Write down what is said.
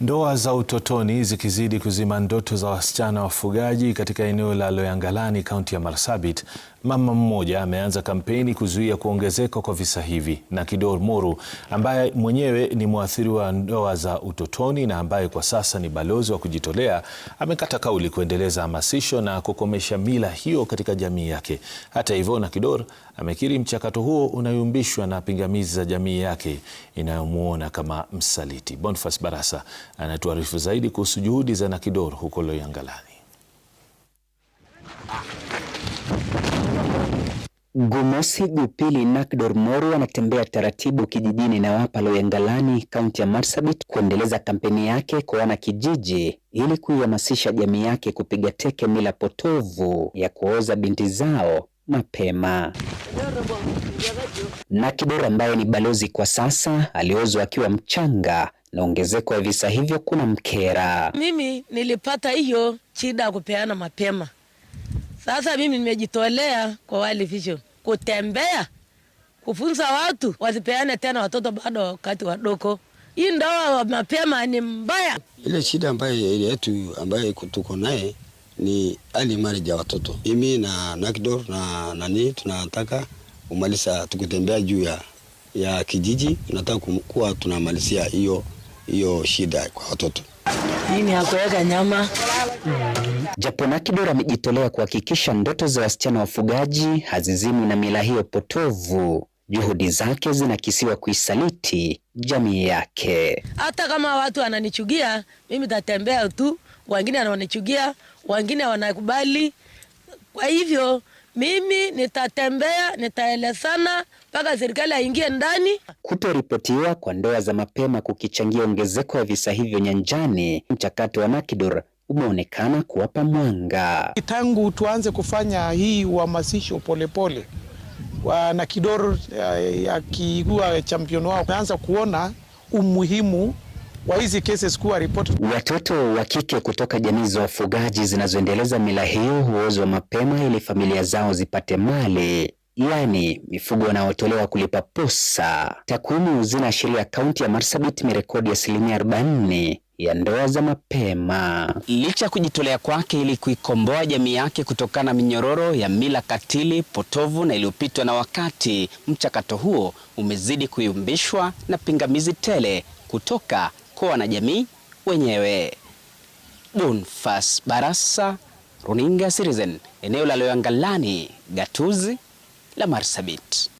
Ndoa za utotoni zikizidi kuzima ndoto za wasichana wafugaji katika eneo la Loyangalani kaunti ya Marsabit, mama mmoja ameanza kampeni kuzuia kuongezeka kwa visa hivi. Nakidor Moru ambaye mwenyewe ni mwathiriwa wa ndoa za utotoni na ambaye kwa sasa ni balozi wa kujitolea amekata kauli kuendeleza hamasisho na kukomesha mila hiyo katika jamii yake. Hata hivyo, Nakidor amekiri mchakato huo unayumbishwa na pingamizi za jamii yake inayomwona kama msaliti. Boniface Barasa anatuarifu zaidi kuhusu juhudi za Nakidor huko Loyangalani. Gumosi Gupili nakdor Moru anatembea taratibu kijijini na wapa Loyangalani, kaunti ya Marsabit, kuendeleza kampeni yake kwa wanakijiji ili kuihamasisha jamii yake kupiga teke mila potovu ya kuoza binti zao mapema. Nakidor ambaye ni balozi kwa sasa aliozwa akiwa mchanga na ongezeko ya visa hivyo kuna mkera. Mimi nilipata hiyo shida ya kupeana mapema, sasa mimi nimejitolea kwa World Vision kutembea kufunza watu wasipeane tena watoto bado wakati wadogo. Hii ndoa mapema ni mbaya. Ile shida ambayo yetu ambayo tuko naye ni ali mari ya watoto. Mimi na Nakdor na nani tunataka kumaliza, tukitembea juu ya ya kijiji tunataka kuwa tunamalizia hiyo hiyo shida kwa watoto. Mimi hakuweka nyama mm. Japonaki Kidora amejitolea kuhakikisha ndoto za wasichana wafugaji hazizimwi na mila hiyo potovu. Juhudi zake zinakisiwa kuisaliti jamii yake. Hata kama watu wananichugia mimi, tatembea tu, wengine wananichugia, wengine wanakubali, kwa hivyo mimi nitatembea, nitaelezana mpaka serikali aingie ndani. Kutoripotiwa kwa ndoa za mapema kukichangia ongezeko ya visa hivyo nyanjani, mchakato wa Nakidor umeonekana kuwapa mwanga. Tangu tuanze kufanya hii uhamasisho polepole Nakidor eh, akikuwa champion wao, umeanza kuona umuhimu wa hizi cases kuwa reported. Watoto wa kike kutoka jamii za wafugaji zinazoendeleza mila hiyo huozwa mapema ili familia zao zipate mali yaani mifugo wanaotolewa kulipa posa. Takwimu zinaashiria kaunti ya Marsabit imerekodi asilimia 40 ya ndoa za mapema. Licha ya kujitolea kwake ili kuikomboa jamii yake kutokana na minyororo ya mila katili, potovu na iliyopitwa na wakati, mchakato huo umezidi kuyumbishwa na pingamizi tele kutoka kwa wanajamii wenyewe. Bonfas Barasa, Runinga Citizen, eneo la Loyangalani, gatuzi la Marsabit.